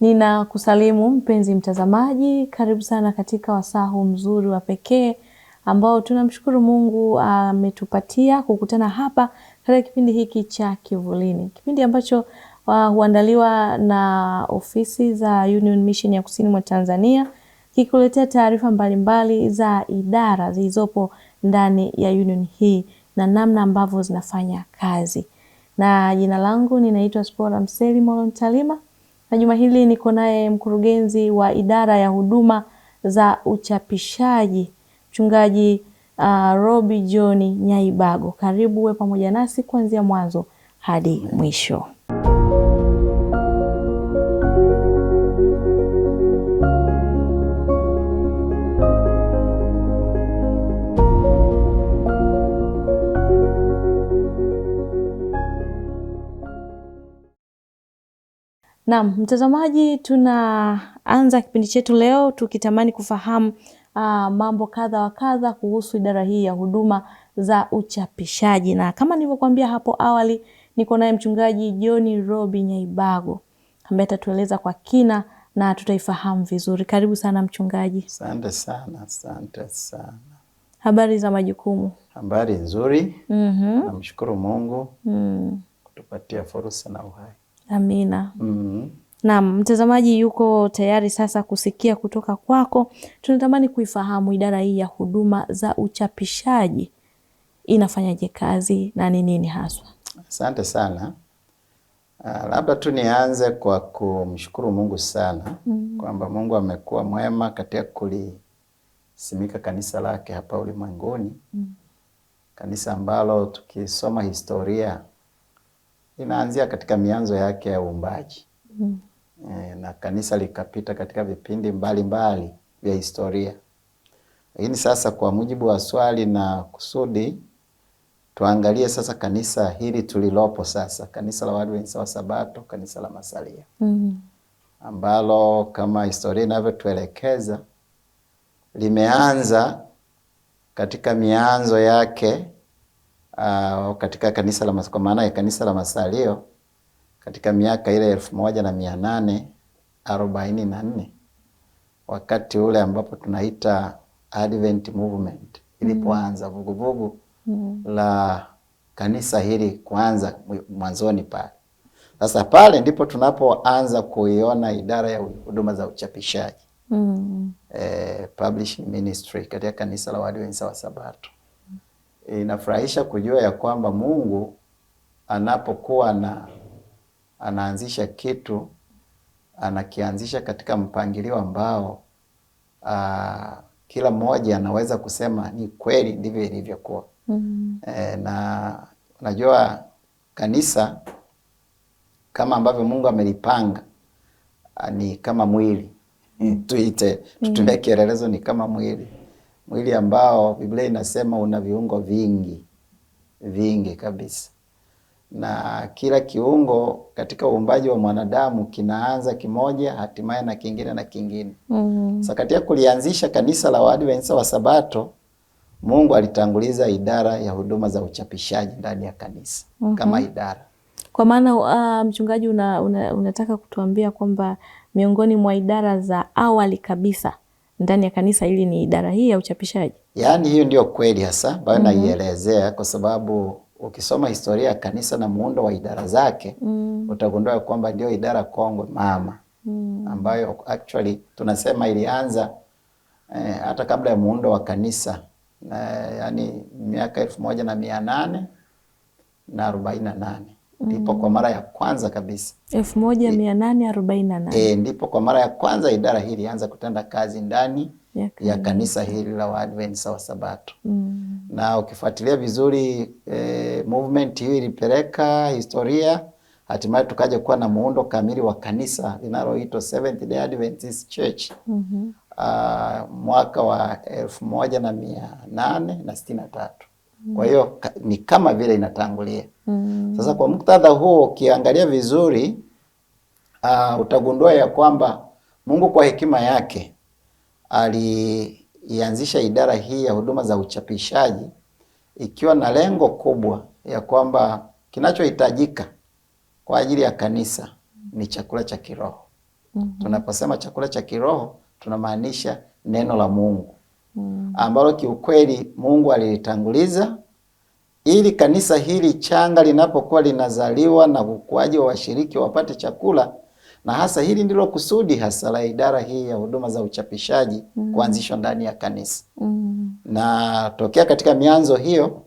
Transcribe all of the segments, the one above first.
Nina kusalimu mpenzi mtazamaji, karibu sana katika wasaa huu mzuri wa pekee ambao tunamshukuru Mungu ametupatia kukutana hapa katika kipindi hiki cha Kivulini, kipindi ambacho uh, huandaliwa na ofisi za Union Mission ya Kusini mwa Tanzania kikuletea taarifa mbalimbali za idara zilizopo ndani ya union hii na namna ambavyo zinafanya kazi. Na jina langu ninaitwa Spora Mseli Molontalima na juma hili niko naye mkurugenzi wa idara ya huduma za uchapishaji Mchungaji uh, Robi John Nyaibago. Karibu we pamoja nasi kuanzia mwanzo hadi mwisho. Naam, mtazamaji, tunaanza kipindi chetu leo tukitamani kufahamu uh, mambo kadha wa kadha kuhusu idara hii ya huduma za uchapishaji, na kama nilivyokuambia hapo awali, niko naye mchungaji John Robi Nyaibago ambaye atatueleza kwa kina na tutaifahamu vizuri. Karibu sana mchungaji. Asante sana, asante sana. Habari za majukumu? Habari nzuri. mm -hmm. Namshukuru Mungu mm. kutupatia fursa na uhai Amina. Mm. Naam, mtazamaji yuko tayari sasa kusikia kutoka kwako. Tunatamani kuifahamu idara hii ya huduma za uchapishaji inafanyaje kazi na ni nini haswa? Asante sana. Uh, labda tu nianze kwa kumshukuru Mungu sana mm. kwamba Mungu amekuwa mwema katika kulisimika kanisa lake hapa ulimwenguni mm. kanisa ambalo tukisoma historia inaanzia katika mianzo yake ya uumbaji mm. E, na kanisa likapita katika vipindi mbalimbali mbali vya historia, lakini sasa kwa mujibu wa swali na kusudi, tuangalie sasa kanisa hili tulilopo sasa, kanisa la Waadventista wa Sabato, kanisa la masalia mm. ambalo kama historia inavyotuelekeza limeanza katika mianzo yake uh, katika kanisa la kwa maana ya kanisa la Masalio katika miaka ile elfu moja na mia nane arobaini na nne wakati ule ambapo tunaita Advent Movement ilipoanza mm. vuguvugu mm. la kanisa hili kuanza mwanzoni pale. Sasa pale ndipo tunapoanza kuiona idara ya huduma za uchapishaji mm. e, publishing ministry katika kanisa la Waadventista wa Sabato inafurahisha kujua ya kwamba Mungu anapokuwa na anaanzisha kitu anakianzisha katika mpangilio ambao aa, ah, kila mmoja anaweza kusema ni kweli ndivyo ilivyokuwa. mm -hmm. E, na unajua kanisa kama ambavyo Mungu amelipanga ah, ni kama mwili tuite, tutumie mm. kielelezo, ni kama mwili mwili ambao Biblia inasema una viungo vingi vingi kabisa, na kila kiungo katika uumbaji wa mwanadamu kinaanza kimoja, hatimaye na kingine na kingine mm mm-hmm. Sasa katika kulianzisha kanisa la Waadventista wa Sabato, Mungu alitanguliza idara ya huduma za uchapishaji ndani ya kanisa mm -hmm. kama idara kwa maana uh, mchungaji una, una, unataka kutuambia kwamba miongoni mwa idara za awali kabisa ndani ya kanisa ili ni idara hii ya uchapishaji? Yaani hiyo ndio kweli hasa ambayo mm -hmm. naielezea kwa sababu ukisoma historia ya kanisa na muundo wa idara zake mm -hmm. utagundua kwamba ndio idara kongwe mama mm -hmm. ambayo actually tunasema ilianza eh, hata kabla ya muundo wa kanisa eh, yani miaka elfu moja na mia nane na arobaini na nane ndipo mm. kwa mara ya kwanza kabisa 1848 e, ndipo kwa mara ya kwanza idara hii ilianza kutenda kazi ndani ya, ya kanisa hili la Waadventista wa Sabato mm. na ukifuatilia vizuri e, movement hii ilipeleka historia, hatimaye tukaja kuwa na muundo kamili wa kanisa linaloitwa Seventh Day Adventist Church mm -hmm. Uh, mwaka wa elfu moja na mia nane na sitini na tatu mm. kwa hiyo ni kama vile inatangulia Mm. Sasa kwa muktadha huo ukiangalia vizuri uh, utagundua ya kwamba Mungu kwa hekima yake alianzisha idara hii ya huduma za uchapishaji ikiwa na lengo kubwa ya kwamba kinachohitajika kwa ajili ya kanisa ni chakula cha kiroho. Mm -hmm. Tunaposema chakula cha kiroho tunamaanisha neno la Mungu. Mm. Ambalo kiukweli Mungu alilitanguliza ili kanisa hili changa linapokuwa linazaliwa na ukuaji wa washiriki wapate chakula, na hasa hili ndilo kusudi hasa la idara hii ya huduma za uchapishaji mm. kuanzishwa ndani ya kanisa mm. na tokea katika mianzo hiyo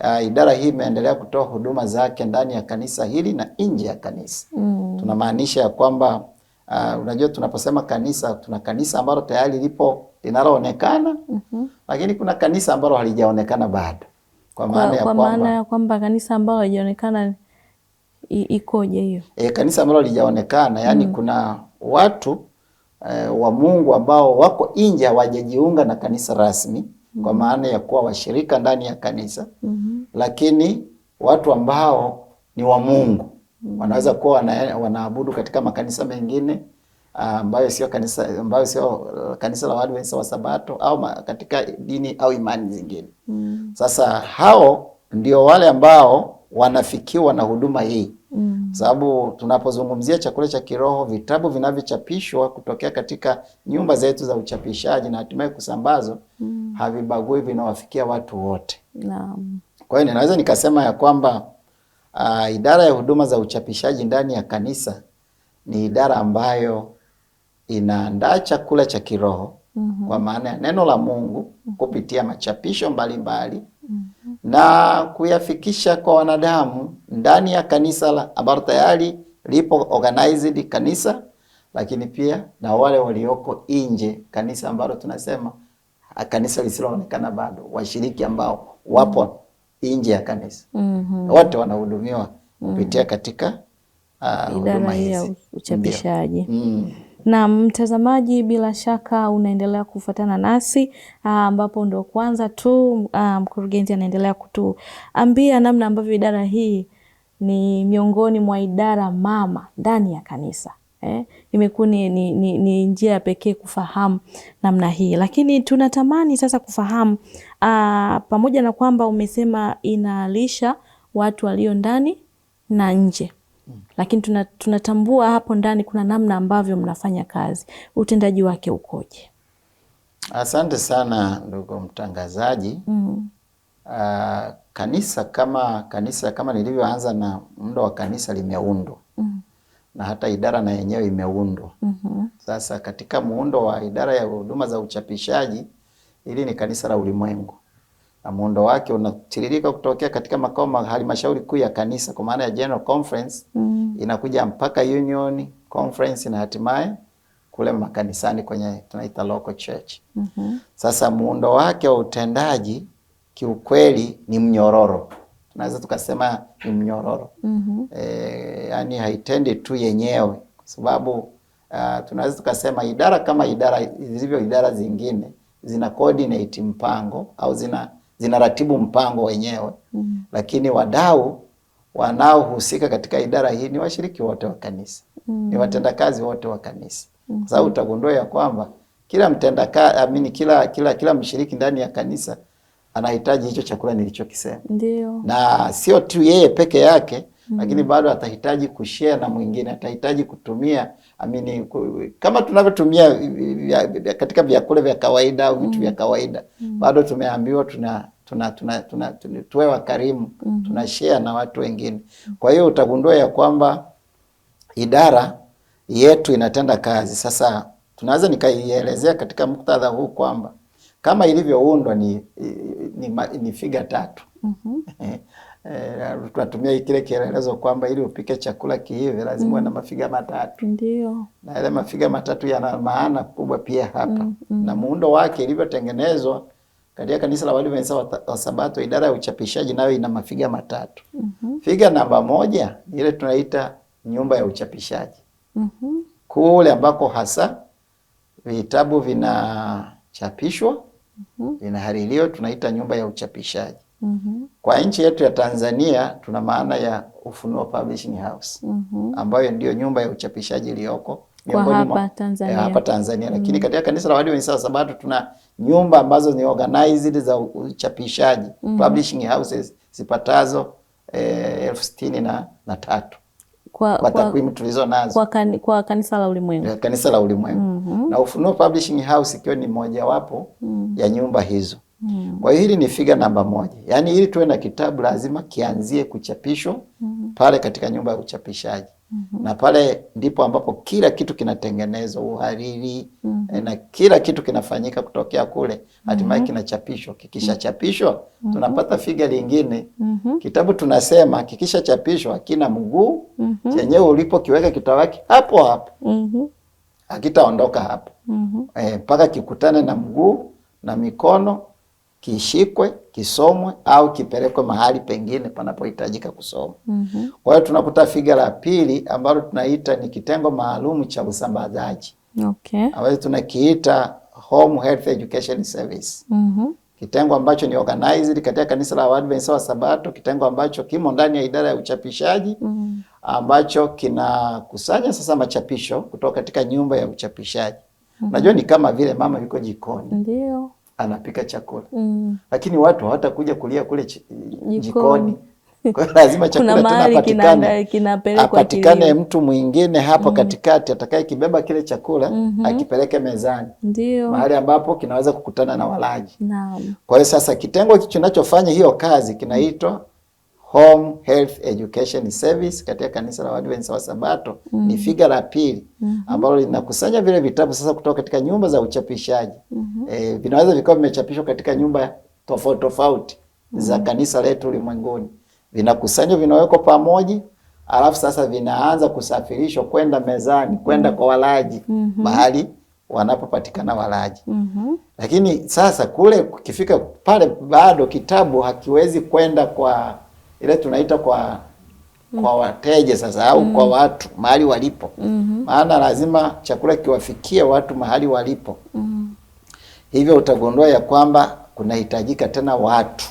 Uh, idara hii imeendelea kutoa huduma zake ndani ya kanisa hili na nje ya kanisa mm. tunamaanisha ya kwamba uh, unajua tunaposema kanisa tuna kanisa ambalo tayari lipo linaloonekana mm -hmm. lakini kuna kanisa ambalo halijaonekana bado kwa maana ya kwamba kwa kanisa ambalo halijaonekana ikoje hiyo? E, kanisa ambalo halijaonekana yani, mm. kuna watu e, wa Mungu ambao wako nje hawajajiunga na kanisa rasmi mm. kwa maana ya kuwa washirika ndani ya kanisa mm -hmm. lakini watu ambao ni wa Mungu mm wanaweza kuwa wana, wanaabudu katika makanisa mengine ambayo sio kanisa, ambayo sio kanisa la Waadventista wa Sabato au ma, katika dini au imani zingine mm. Sasa hao ndio wale ambao wanafikiwa na huduma hii mm. Sababu tunapozungumzia chakula cha kiroho, vitabu vinavyochapishwa kutokea katika nyumba zetu za uchapishaji na hatimaye kusambazwa mm. havibagui, vinawafikia watu wote naam. Kwa hiyo ninaweza nikasema ya kwamba uh, idara ya huduma za uchapishaji ndani ya kanisa ni idara ambayo inaandaa chakula cha kiroho mm -hmm. kwa maana ya neno la Mungu mhm. kupitia machapisho mbalimbali mm -hmm. na kuyafikisha kwa wanadamu ndani ya kanisa la ambalo tayari lipo organized kanisa, lakini pia na wale walioko nje kanisa, ambalo tunasema kanisa lisiloonekana bado, washiriki ambao wapo mhm. nje ya kanisa mm -hmm. wote wanahudumiwa mhm. kupitia katika uh, huduma hizi uchapishaji mm. Na mtazamaji, bila shaka unaendelea kufuatana nasi ah, ambapo ndo kwanza tu ah, mkurugenzi anaendelea kutuambia namna ambavyo idara hii ni miongoni mwa idara mama ndani ya kanisa. Eh, imekuwa ni, ni, ni, ni njia ya pekee kufahamu namna hii, lakini tunatamani sasa kufahamu aa, ah, pamoja na kwamba umesema inalisha watu walio ndani na nje, lakini tuna, tunatambua hapo ndani kuna namna ambavyo mnafanya kazi, utendaji wake ukoje? Asante sana ndugu mtangazaji. mm. Uh, kanisa kama kanisa kama nilivyoanza na muda wa kanisa limeundwa mm. na hata idara na yenyewe imeundwa mm -hmm. Sasa katika muundo wa idara ya huduma za uchapishaji, hili ni kanisa la ulimwengu na muundo wake unatiririka kutokea katika makao ya halmashauri kuu ya kanisa kwa maana ya General Conference mm. inakuja mpaka Union Conference na hatimaye kule makanisani kwenye tunaita local church mm -hmm. Sasa muundo wake wa utendaji kiukweli ni mnyororo, tunaweza tukasema ni mnyororo mm -hmm. E, yani haitendi tu yenyewe kwa sababu uh, tunaweza tukasema idara kama idara zilivyo idara zingine zina coordinate mpango au zina mm zinaratibu mpango wenyewe mm. Lakini wadau wanaohusika katika idara hii ni washiriki wote wa kanisa mm. Ni watendakazi wote wa kanisa mm. sababu utagundua ya kwamba kila mtendakazi amini, kila kila kila mshiriki ndani ya kanisa anahitaji hicho chakula nilichokisema, ndio, na sio tu yeye peke yake mm. Lakini bado atahitaji kushare na mwingine, atahitaji kutumia amini kama tunavyotumia katika vyakula vya kawaida au vitu vya mm. kawaida mm. bado tumeambiwa tuna tuna tuna, tuna, tuna tuwe wakarimu mm. tuna share na watu wengine. Mm-hmm. Kwa hiyo utagundua ya kwamba idara yetu inatenda kazi sasa. Tunaweza nikaielezea katika muktadha huu kwamba kama ilivyoundwa ni, ni, ni, ni figa tatu mm -hmm. Eh, tunatumia eh, kile kielelezo kwamba ili upike chakula kiive lazima uwe mm. na mafiga matatu. Ndio. Na yale mafiga matatu yana maana kubwa pia hapa mm. Mm. na muundo wake ilivyotengenezwa katika kanisa la Waadventista wa Sabato, idara ya uchapishaji nayo ina mafiga matatu mm -hmm. Figa namba moja ile tunaita nyumba ya uchapishaji mm -hmm. kule ambako hasa vitabu vinachapishwa mm -hmm. vinahaririwa, tunaita nyumba ya uchapishaji -hmm. Kwa nchi yetu ya Tanzania tuna maana ya Ufunuo Publishing House mm -hmm. ambayo ndiyo nyumba ya uchapishaji iliyoko hapa Tanzania, ya eh, hapa Tanzania. Lakini Mm -hmm. katika kanisa la Waadventista wa Sabato tuna nyumba ambazo ni organized za uchapishaji mm -hmm. publishing houses zipatazo eh, elfu sitini na, na tatu kwa, kwa takwimu tulizo nazo kwa, kan, kwa kanisa la ulimwengu eh, kanisa la ulimwengu mm -hmm. na Ufunuo Publishing House ikiwa ni mojawapo mm -hmm. ya nyumba hizo. Mm. Kwa hiyo hili ni figa namba moja, yaani ili tuwe na kitabu lazima kianzie kuchapishwa mm. pale katika nyumba ya uchapishaji mm -hmm. na pale ndipo ambapo kila kitu kinatengenezwa, uhariri mm -hmm. na kila kitu kinafanyika kutokea kule, hatimaye mm-hmm. kinachapishwa. Kikishachapishwa mm -hmm. tunapata figa lingine mm -hmm. kitabu tunasema kikishachapishwa kina mguu mm -hmm. chenyewe ulipokiweka kitawaki hapo hapo mm -hmm. hakitaondoka hapo eh, mpaka mm -hmm. e, kikutane na mguu na mikono kishikwe, kisomwe au kipelekwe mahali pengine panapohitajika kusoma. mm -hmm. Kwa hiyo tunakuta figa la pili ambalo tunaita ni kitengo maalumu cha usambazaji okay. ambacho tunakiita Home Health Education Service. mm -hmm. Kitengo ambacho ni organized katika kanisa la Waadventista wa Sabato, kitengo ambacho kimo ndani ya idara ya uchapishaji mm -hmm. ambacho kinakusanya sasa machapisho kutoka katika nyumba ya uchapishaji. mm -hmm. Najua ni kama vile mama yuko jikoni. Ndio anapika chakula mm. Lakini watu hawatakuja kulia kule jikoni, Kwa hiyo lazima chakula apatikane mtu mwingine hapo mm. katikati atakaye kibeba kile chakula mm -hmm. akipeleke mezani, ndio mahali ambapo kinaweza kukutana na walaji. Naam. Kwa hiyo sasa kitengo kinachofanya hiyo kazi kinaitwa Home Health Education Service katika kanisa la Waadventista wa Sabato mm. ni figa la pili mm -hmm. ambalo linakusanya vile vitabu sasa kutoka katika nyumba za uchapishaji mm -hmm. E, vinaweza vikawa vimechapishwa katika nyumba tofauti tofauti mm -hmm. za mm-hmm. kanisa letu ulimwenguni, vinakusanywa, vinawekwa pamoja, alafu sasa vinaanza kusafirishwa kwenda mezani, kwenda mm -hmm. kwa walaji mm -hmm. mahali wanapopatikana walaji mm -hmm. Lakini sasa kule kifika pale, bado kitabu hakiwezi kwenda kwa ile tunaita kwa kwa wateja sasa au mm. kwa watu mahali walipo mm -hmm. Maana lazima chakula kiwafikie watu mahali walipo mm -hmm. Hivyo utagundua ya kwamba kunahitajika tena watu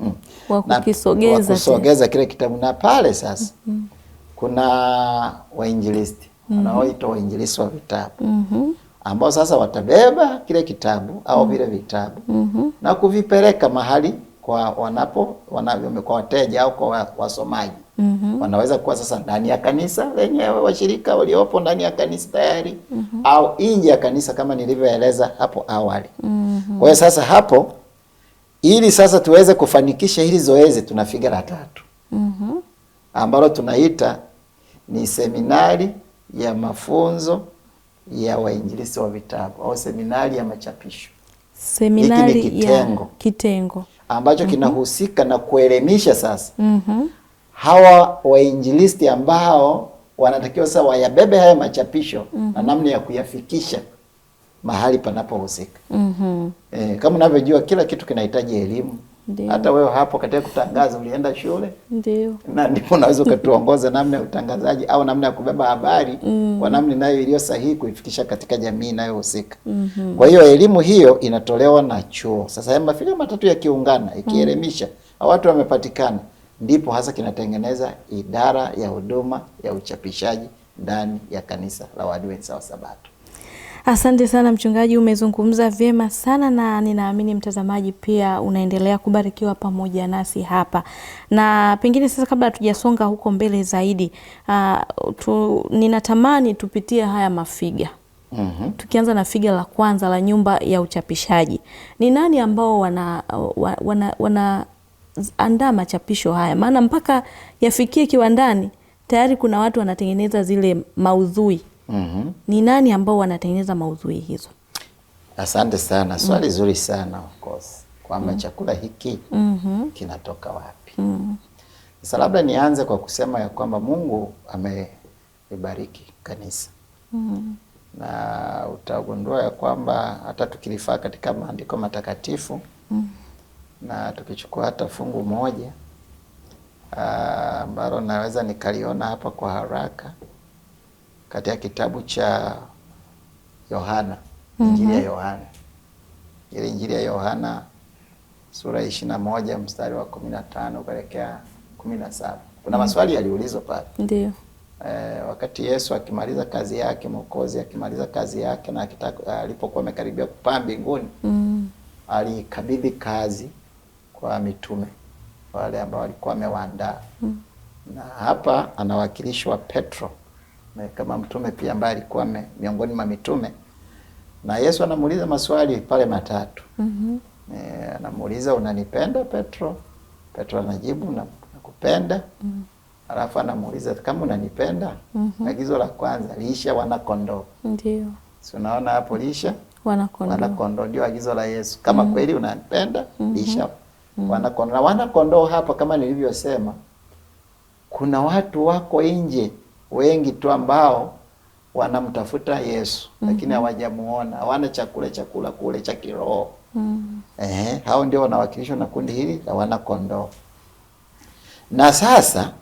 mm. wakukisogeza kusogeza kile kitabu na pale sasa mm -hmm. kuna wainjilisti mm -hmm. wanaoitwa wainjilisti wa vitabu mm -hmm. ambao sasa watabeba kile kitabu au mm-hmm. vile mm -hmm. vitabu mm -hmm. na kuvipeleka mahali kwa wanapo wanavyo kwa wateja au kwa wasomaji mm -hmm. wanaweza kuwa sasa ndani ya kanisa lenyewe washirika waliopo ndani ya kanisa tayari mm -hmm. au nje ya kanisa kama nilivyoeleza hapo awali mm -hmm. kwa hiyo sasa hapo, ili sasa tuweze kufanikisha hili zoezi, tuna figa la tatu mm -hmm. ambalo tunaita ni seminari ya mafunzo ya waingilisi wa vitabu au seminari ya machapisho. Seminari ya kitengo, kitengo ambacho mm -hmm. kinahusika na kuelimisha sasa mm -hmm. hawa wainjilisti ambao wanatakiwa sasa wayabebe haya machapisho mm -hmm. na mhm. namna ya kuyafikisha mahali panapohusika. mm -hmm. E, kama unavyojua kila kitu kinahitaji elimu Ndiyo. Hata wewe hapo katika kutangaza ulienda shule ndio, na ndipo unaweza ukatuongoza namna ya utangazaji au namna ya kubeba habari mm. kwa namna nayo iliyo sahihi kuifikisha katika jamii inayohusika mm -hmm. Kwa hiyo elimu hiyo inatolewa na chuo. Sasa haya mafilio matatu yakiungana, ikielimisha mm. watu wamepatikana, ndipo hasa kinatengeneza idara ya huduma ya uchapishaji ndani ya kanisa la Waadventista wa Sabato. Asante sana mchungaji, umezungumza vyema sana na ninaamini mtazamaji pia unaendelea kubarikiwa pamoja nasi hapa. Na pengine sasa, kabla hatujasonga huko mbele zaidi, uh, tu, ninatamani tupitie haya mafiga. Mm -hmm. Tukianza na figa la kwanza la nyumba ya uchapishaji, ni nani ambao wana, wana, wana, wana andaa machapisho haya? Maana mpaka yafikie kiwandani tayari kuna watu wanatengeneza zile maudhui -hmm. ni nani ambao wanatengeneza maudhui hizo? Asante sana, swali mm -hmm. zuri sana of course, kwamba mm -hmm. chakula hiki mm -hmm. kinatoka wapi? mm -hmm. Sasa labda nianze kwa kusema ya kwamba Mungu ameibariki kanisa mm -hmm. na utagundua ya kwamba hata tukilifaa katika maandiko matakatifu mm -hmm. na tukichukua hata fungu moja ah, ambalo naweza nikaliona hapa kwa haraka katika kitabu cha Yohana, mhm. Injili mm -hmm. ya Yohana, ile Injili ya Yohana sura ishirini na moja mstari wa kumi na tano kuelekea kumi na saba kuna mhm. maswali yaliulizwa pale, ndio e, wakati Yesu akimaliza kazi yake, Mwokozi akimaliza kazi yake na alipokuwa amekaribia kupaa mbinguni mm. alikabidhi kazi kwa mitume wale ambao walikuwa amewaandaa mm. na hapa anawakilishwa Petro mtume kama mtume pia ambaye alikuwa miongoni mwa mitume, na Yesu anamuuliza maswali pale matatu. mm -hmm. E, anamuuliza unanipenda Petro? Petro anajibu nakupenda. mm -hmm. Alafu anamuuliza kama unanipenda. mm -hmm. Agizo la kwanza lisha wana kondoo, ndio si unaona hapo, lisha wana kondoo, wana kondoo ndio agizo la Yesu kama mm -hmm. kweli unanipenda mm -hmm. lisha mm-hmm. wana kondoo. Na wana kondoo hapa, kama nilivyosema, kuna watu wako nje wengi tu ambao wanamtafuta Yesu mm -hmm. lakini hawajamuona, hawana chakula chakula kule cha kiroho mm -hmm. Ehe, hao ndio wanawakilishwa na kundi hili la wana kondoo. Na sasa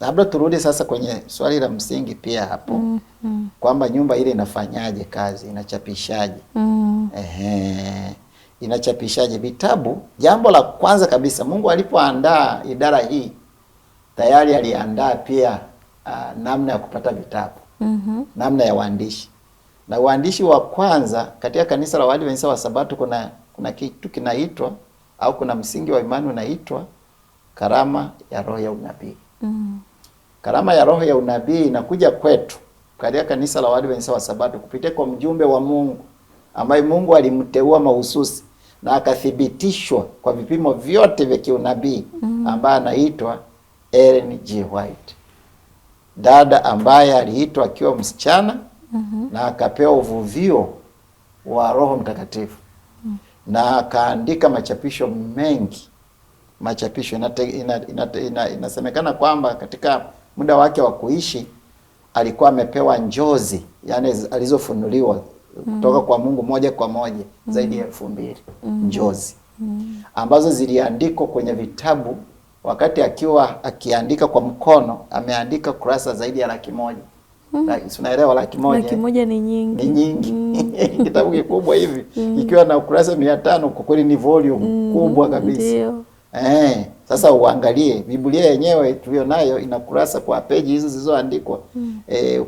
labda turudi sasa kwenye swali la msingi pia hapo mm -hmm. kwamba nyumba ile inafanyaje kazi, inachapishaje? mm -hmm. Ehe, inachapishaje vitabu? Jambo la kwanza kabisa, Mungu alipoandaa idara hii tayari aliandaa pia uh, namna ya kupata vitabu mm -hmm. namna ya uandishi na uandishi wa kwanza katika kanisa la Waadventista wa Sabato kuna kuna kitu kinaitwa au kuna msingi wa imani unaitwa karama ya roho ya unabii mm. -hmm. Karama ya roho ya unabii inakuja kwetu katika kanisa la Waadventista wa Sabato kupitia kwa mjumbe wa Mungu ambaye Mungu alimteua mahususi na akathibitishwa kwa vipimo vyote vya kiunabii mm. -hmm. ambaye anaitwa Ellen G. White dada ambaye aliitwa akiwa msichana mm -hmm. na akapewa uvuvio wa Roho Mtakatifu mm -hmm. na akaandika machapisho mengi machapisho inate, ina, ina, ina, inasemekana kwamba katika muda wake wa kuishi alikuwa amepewa njozi yani alizofunuliwa mm. kutoka kwa Mungu moja kwa moja mm. zaidi ya elfu mbili mm. njozi mm. ambazo ziliandikwa kwenye vitabu wakati akiwa akiandika kwa mkono ameandika kurasa zaidi ya laki moja Hmm. unaelewa laki moja laki moja ni nyingi, ni nyingi. Hmm. kitabu kikubwa hivi hmm. ikiwa na kurasa mia tano kwa kweli ni volume hmm. kubwa kabisa eh, sasa uangalie Biblia yenyewe tuliyo nayo ina kurasa kwa peji hizo zilizoandikwa mm. eh,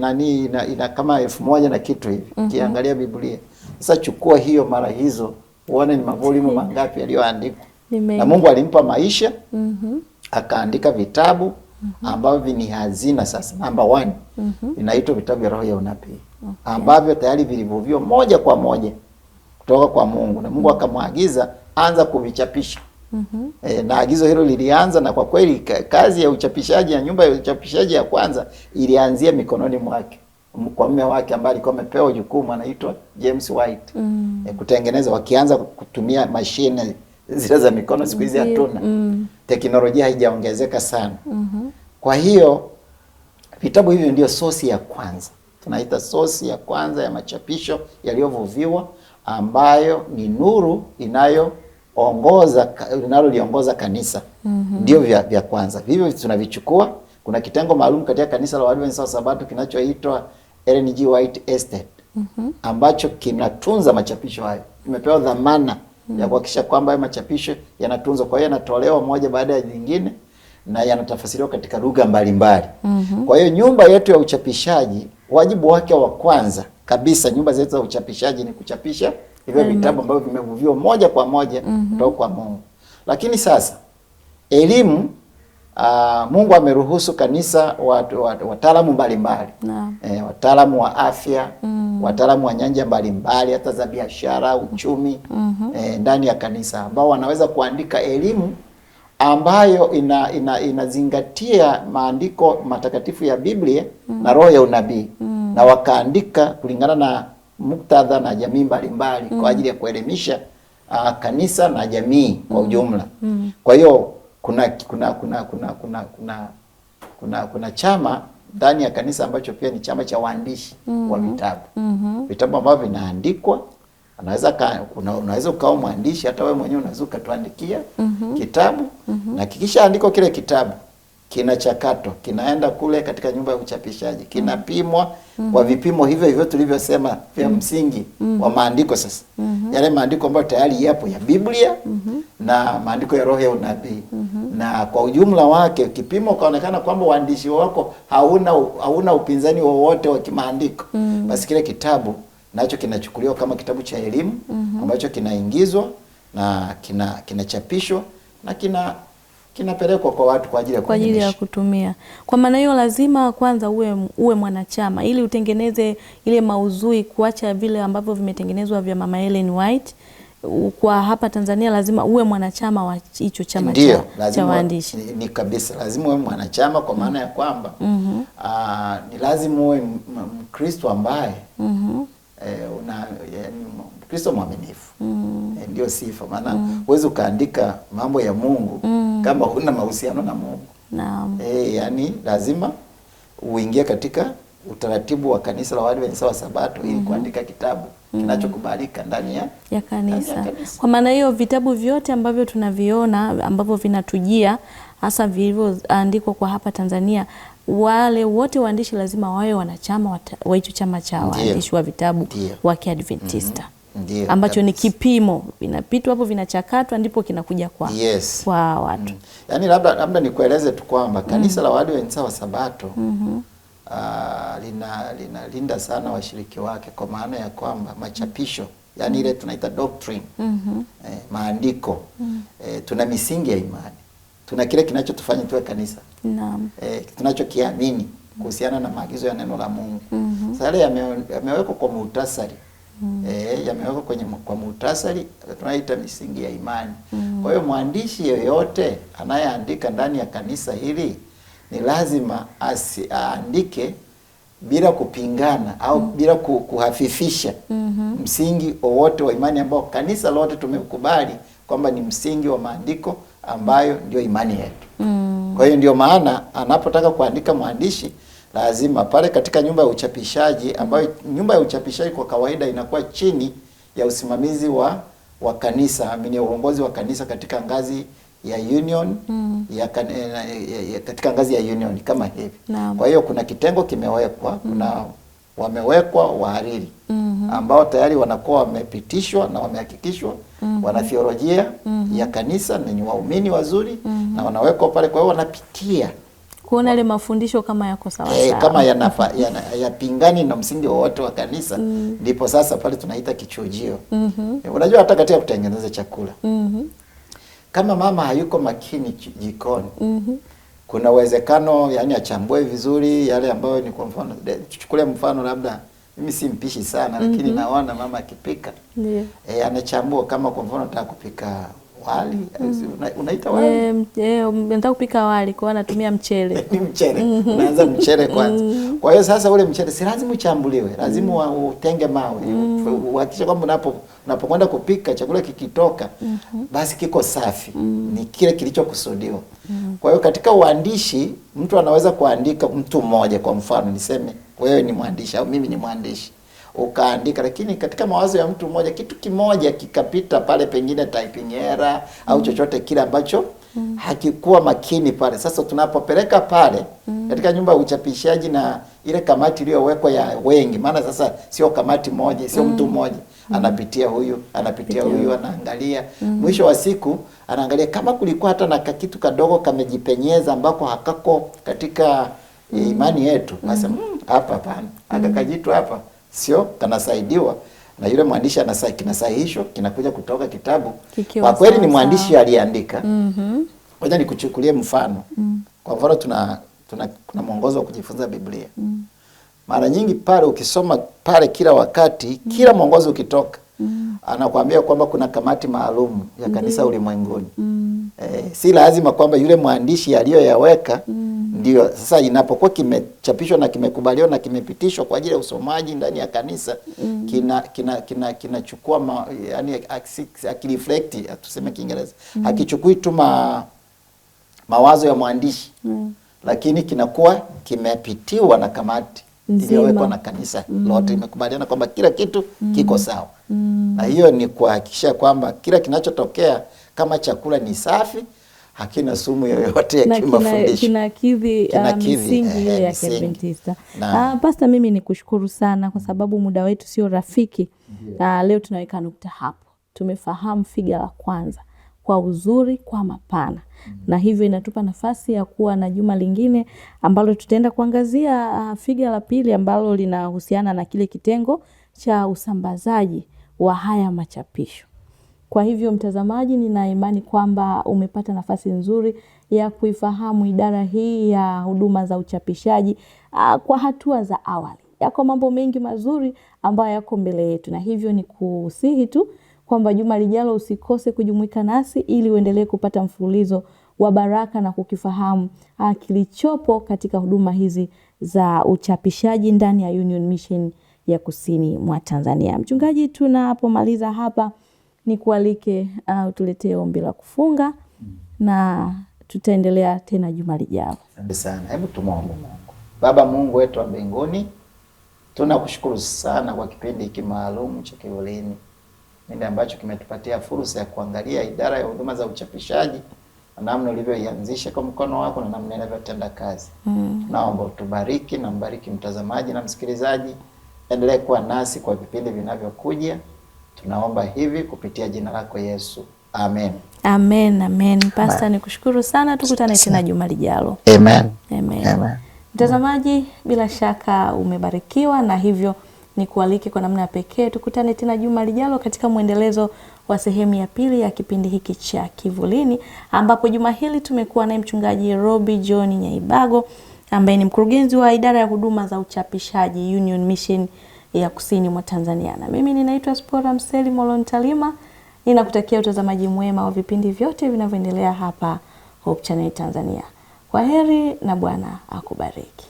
nani ina, ina kama elfu moja na kitu hivi mm -hmm. kiangalia Biblia sasa chukua hiyo mara hizo uone ni mavolume mangapi yaliyoandikwa na Mungu alimpa maisha mm -hmm. akaandika vitabu Mm -hmm. ambavyo ni hazina sasa, namba one mm -hmm. vinaitwa vitabu vya roho ya unabii okay. ambavyo tayari vilivuviwa moja kwa moja kutoka kwa Mungu na Mungu mhm. akamwagiza anza kuvichapisha mm -hmm. e, na agizo hilo lilianza, na kwa kweli kazi ya uchapishaji ya nyumba ya uchapishaji ya kwanza ilianzia mikononi mwake kwa mume wake ambaye alikuwa amepewa jukumu anaitwa James White mm -hmm. e, kutengeneza wakianza kutumia mashine zile za mikono siku hizi hatuna. mm. Teknolojia haijaongezeka sana. mm -hmm. Kwa hiyo vitabu hivyo ndio sosi ya kwanza, tunaita sosi ya kwanza ya machapisho yaliyovuviwa, ambayo ni nuru inayoongoza linaloliongoza kanisa. mm -hmm. Ndio vya, vya kwanza hivyo tunavichukua. Kuna kitengo maalum katika kanisa la Waadventista wa Sabato kinachoitwa Ellen G. White Estate mm -hmm. ambacho kinatunza machapisho hayo, imepewa dhamana mm ya hmm. kuhakikisha kwamba hayo machapisho yanatunzwa. Kwa hiyo yanatolewa moja baada ya nyingine na yanatafasiriwa katika lugha mbalimbali. mm -hmm. Kwa hiyo nyumba yetu ya uchapishaji, wajibu wake wa kwanza kabisa, nyumba zetu za uchapishaji ni kuchapisha hivyo hmm. vitabu ambavyo vimevuviwa moja kwa moja hmm. kutoka mm -hmm. kwa Mungu. Lakini sasa elimu Uh, Mungu ameruhusu kanisa wataalamu mbalimbali E, wataalamu wa afya mm. wataalamu wa nyanja mbalimbali hata za biashara, uchumi mm -hmm. E, ndani ya kanisa ambao wanaweza kuandika elimu ambayo ina, ina, inazingatia maandiko matakatifu ya Biblia mm. na roho ya unabii mm. na wakaandika kulingana na muktadha na jamii mbalimbali mm. kwa ajili ya kuelimisha uh, kanisa na jamii kwa mm. ujumla mm. kwa hiyo kuna kuna kuna kuna kuna kuna kuna, kuna chama ndani ya kanisa ambacho pia ni chama cha waandishi mm -hmm. wa mhm. vitabu mm -hmm. vitabu ambavyo vinaandikwa ka, una, unaweza ukawa mwandishi hata wewe mwenyewe unaweza ukatuandikia mm -hmm. kitabu mm -hmm. na kikishaandikwa kile kitabu kinachakatwa, kinaenda kule katika nyumba ya uchapishaji, mm. kinapimwa mm -hmm. kwa vipimo hivyo hivyo tulivyosema vya mm -hmm. msingi mm -hmm. wa maandiko sasa mm -hmm. yale maandiko ambayo tayari yapo ya Biblia mm -hmm. na maandiko ya roho ya unabii mm -hmm. na kwa ujumla wake kipimo kaonekana kwamba uandishi wako hauna hauna upinzani wowote wa kimaandiko mm -hmm. basi kile kitabu nacho kinachukuliwa kama kitabu cha elimu mm -hmm. ambacho kinaingizwa na kina kinachapishwa na kina kinapelekwa kwa watu kwa ajili ya kwa ajili ya kutumia. Kwa maana hiyo, lazima kwanza uwe, uwe mwanachama ili utengeneze ile mauzui kuacha vile ambavyo vimetengenezwa vya Mama Ellen White kwa hapa Tanzania lazima uwe mwanachama wa hicho chama cha, waandishi ni, ni kabisa lazima uwe mwanachama kwa maana ya kwamba mm -hmm. aa, ah, ni lazima uwe Mkristo ambaye mm -hmm. una, yani, Kristo mwaminifu mm. Eh, ndio sifa maana mm. huwezi mm. ukaandika mambo ya Mungu mm. kama huna mahusiano na Mungu naam. E, eh, yani lazima uingie katika utaratibu wa kanisa la Waadventista wa Sabato mm -hmm. ili mm-hmm. kuandika kitabu mm -hmm. kinachokubalika ndani ya, ya kanisa, ya kanisa. Kwa maana hiyo vitabu vyote ambavyo tunaviona ambavyo vinatujia hasa vilivyoandikwa kwa hapa Tanzania wale wote waandishi lazima wawe wanachama wa hicho chama cha waandishi wa vitabu wa Kiadventista. Mm-hmm. Ndiyo, ambacho ni kipimo vinapitwa hapo vinachakatwa ndipo kinakuja kwa, yes. kwa watu mm. Yaani labda, labda nikueleze tu kwamba mm. kanisa mm. la Waadventista wa Sabato mm -hmm. lina linalinda sana washiriki wake kwa maana ya kwamba machapisho yaani mm. ile tunaita doctrine mm -hmm. eh, maandiko mm -hmm. eh, tuna misingi ya imani tuna kile kinachotufanya tuwe kanisa naam. eh, tunachokiamini kuhusiana na maagizo ya neno la Mungu mm -hmm. Sasa yale yamewekwa kwa muhtasari mm. Eh, yamewekwa kwenye kwa muhtasari tunaita misingi ya imani mm. Kwa hiyo mwandishi yoyote anayeandika ndani ya kanisa hili ni lazima asi, aandike bila kupingana au mm. bila kuhafifisha mm -hmm. msingi wowote wa imani ambao kanisa lote tumekubali kwamba ni msingi wa maandiko ambayo ndio imani yetu mm. Kwa hiyo ndio maana anapotaka kuandika mwandishi lazima pale katika nyumba ya uchapishaji ambayo nyumba ya uchapishaji kwa kawaida inakuwa chini ya usimamizi wa wa kanisa amini uongozi wa kanisa katika ngazi ya union mm. ya, kan, eh, eh, ya, ya, katika ngazi ya union kama hivi Kwa hiyo kuna kitengo kimewekwa mm. kuna wamewekwa wahariri mm -hmm. ambao tayari wanakuwa wamepitishwa na wamehakikishwa mm -hmm. wana theolojia mm -hmm. ya mm-hmm. kanisa na ni waumini wazuri mm -hmm. na mm-hmm. wanawekwa pale, kwa hiyo wanapitia kuona yale mafundisho kama yako sawa eh, sawa, kama yanafa, yana, yapingani na msingi wowote wa kanisa mm. ndipo mm. Sasa pale tunaita kichujio mm -hmm. unajua hata katika kutengeneza chakula mm -hmm. kama mama hayuko makini jikoni mm -hmm. kuna uwezekano yani achambue vizuri yale ambayo ni kwa mfano, chukulia mfano labda mimi si mpishi sana mm -hmm. lakini mhm. naona mama akipika yeah. E, anachambua kama kwa mfano nataka kupika wali mm. eh, unaita wali eh, eh, nataka kupika wali kwa natumia mchele ni mchele mm-hmm. unaanza mchele kwanza. Mm-hmm. Kwa hiyo sasa ule mchele si lazima uchambuliwe, lazima mm. utenge mawe, uhakikishe kwamba unapo unapokwenda kupika chakula kikitoka mm-hmm. basi kiko safi, mm. ni kile kilichokusudiwa. mm. Kwa hiyo katika uandishi mtu anaweza kuandika mtu mmoja, kwa mfano niseme wewe ni mwandishi au mimi ni mwandishi ukaandika, lakini katika mawazo ya mtu mmoja kitu kimoja kikapita pale, pengine typing error mm -hmm. au chochote kile ambacho mm -hmm. hakikuwa makini pale. Sasa tunapopeleka pale mm -hmm. katika nyumba ya uchapishaji na ile kamati iliyowekwa ya wengi, maana sasa sio kamati moja, sio mm -hmm. mtu mmoja anapitia huyu anapitia Pitia. huyu anaangalia mm -hmm. mwisho wa siku anaangalia kama kulikuwa hata na kitu kadogo kamejipenyeza ambako hakako katika mm. imani yetu, nasema hmm, hapa hapana, mm. akakajitu hapa mm sio kanasaidiwa na yule mwandishi anasai kinasahihishwa kinakuja kutoka kitabu kwa kweli ni mwandishi aliandika. mm ni nikuchukulie mfano. mm. Kwa mfano tuna, tuna kuna mwongozo wa kujifunza Biblia. mm. Mara nyingi pale ukisoma pale kila wakati, kila mwongozo ukitoka mm. anakuambia kwamba kuna kamati maalum ya kanisa mm. ulimwenguni mm. eh, si lazima kwamba yule mwandishi aliyoyaweka mm. ndio sasa, inapokuwa kimechapishwa na kimekubaliwa na kimepitishwa kwa ajili ya usomaji ndani ya kanisa mm. kina kina kinachukua kina yani akireflect, tuseme Kiingereza mm. hakichukui tu ma, mawazo ya mwandishi mm. lakini kinakuwa kimepitiwa na kamati iliyowekwa na kanisa mm. lote imekubaliana kwamba kila kitu mm. kiko sawa mm. na hiyo ni kuhakikisha kwamba kila kinachotokea kama chakula ni safi hakina sumu yoyote ya misingi uh, hiyo ya Kiadventista. Ah, Pasta, mimi ni kushukuru sana kwa sababu muda wetu sio rafiki yeah. uh, leo tunaweka nukta hapo. Tumefahamu figa la kwanza kwa uzuri, kwa mapana mm -hmm. na hivyo inatupa nafasi ya kuwa na juma lingine ambalo tutaenda kuangazia ah, figa la pili ambalo linahusiana na kile kitengo cha usambazaji wa haya machapisho. Kwa hivyo mtazamaji, nina imani kwamba umepata nafasi nzuri ya kuifahamu idara hii ya huduma za uchapishaji ah, kwa hatua za awali. Yako mambo mengi mazuri ambayo yako mbele yetu, na hivyo ni kusihi tu kwamba juma lijalo usikose kujumuika nasi ili uendelee kupata mfululizo wa baraka na kukifahamu ah, kilichopo katika huduma hizi za uchapishaji ndani ya Union Mission ya kusini mwa Tanzania. Mchungaji, tunapomaliza hapa ni kualike uh, ah, utuletee ombi la kufunga mm, na tutaendelea tena juma lijalo. Asante sana. Hebu tumwombe Mungu. Baba Mungu wetu wa mbinguni, tunakushukuru sana kwa kipindi hiki maalum cha Kivulini nile ambacho kimetupatia fursa ya kuangalia idara ya huduma za uchapishaji na namna ulivyoianzisha kwa mkono wako na namna inavyotenda kazi. Mm. Naomba utubariki na mbariki mtazamaji na msikilizaji, endelee kuwa nasi kwa vipindi vinavyokuja. Tunaomba hivi kupitia jina lako Yesu, amen. Amen, amen. Pasta, kushukuru sana, tukutane tena juma lijalo. Amen. Amen. Amen. Mtazamaji, bila shaka umebarikiwa na hivyo kualike kwa namna ya pekee, tukutane tena juma lijalo katika mwendelezo wa sehemu ya pili ya kipindi hiki cha Kivulini, ambapo juma hili tumekuwa naye Mchungaji Robi John Nyaibago ambaye ni mkurugenzi wa idara ya huduma za uchapishaji Union Mission ya kusini mwa Tanzania, na mimi ninaitwa Spora Mseli Molontalima, ninakutakia utazamaji mwema wa vipindi vyote vinavyoendelea hapa Hope Channel Tanzania. Kwa heri na Bwana akubariki.